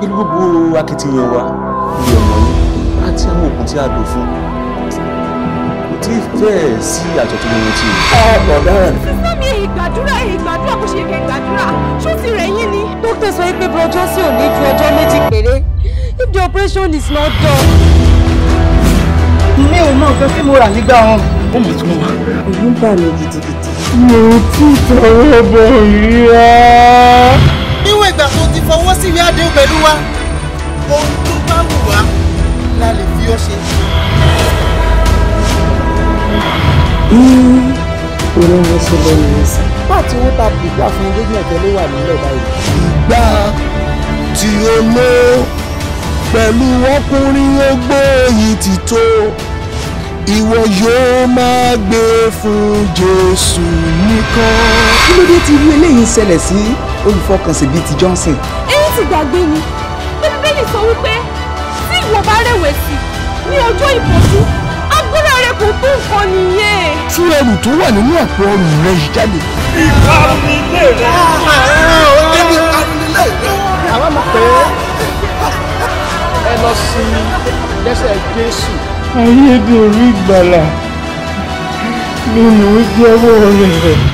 pẹ̀lú gbogbo akitiyan wa ilé ọmọ yìí àti àwọn oògùn tí a lò fún kò tí ì fẹ́ẹ̀ sí àjọ tó lóyún tí o. ọ̀pọ̀ ìgbàdúrà ìgbàdúrà kò ṣe ìgbàdúrà ṣó ti rẹ̀ yín ni. dókítà sọ pé bọ́jọ́ sí òní ju ọjọ́ méjì péré if the operation is not done. mi ò mọ nǹkan tí mo rà nígbà wọn. ó mọ̀ tí wà. òun bà mí gidigidi. mi ò tí ì tọrọ bọ̀ rí ládéhùn pẹ̀lú wa ohun tó bá wù wá la lè fi ọ́ ṣe. Ìrìn àwọn ṣẹlẹ̀ nìyẹn sí. Pàtí owó ta gbígbà fún gómìnà tẹ ló wà nílẹ̀ báyìí. Ìgbà tí o lò pẹ̀lú ọkùnrin ogbó yìí ti tó ìwọ yóò máa gbé fún jésù nìkan. kí ló dé tí irú eléyìí ń ṣẹlẹ̀ sí olùfọkànsìn bíi ti johnson. ẹ ti gbàgbé ni bíbélì sọ wípé tí ìwọ bá rẹ̀wẹ̀sì ní ọjọ́ ìpọ́njú agbára rẹ kò tó nǹkan nìyẹn. tú ẹrù tó wà nínú àpò ọrùn rẹ yìí jáde. ìgbà mi lè rẹ. ẹni àrùnilẹ̀ rẹ. àwa mọ̀ pé ẹ lọ sinmi lẹ́sẹ̀ Jésù. ayédèrú ìgbàlà nínú jẹ́wọ́ rẹ̀.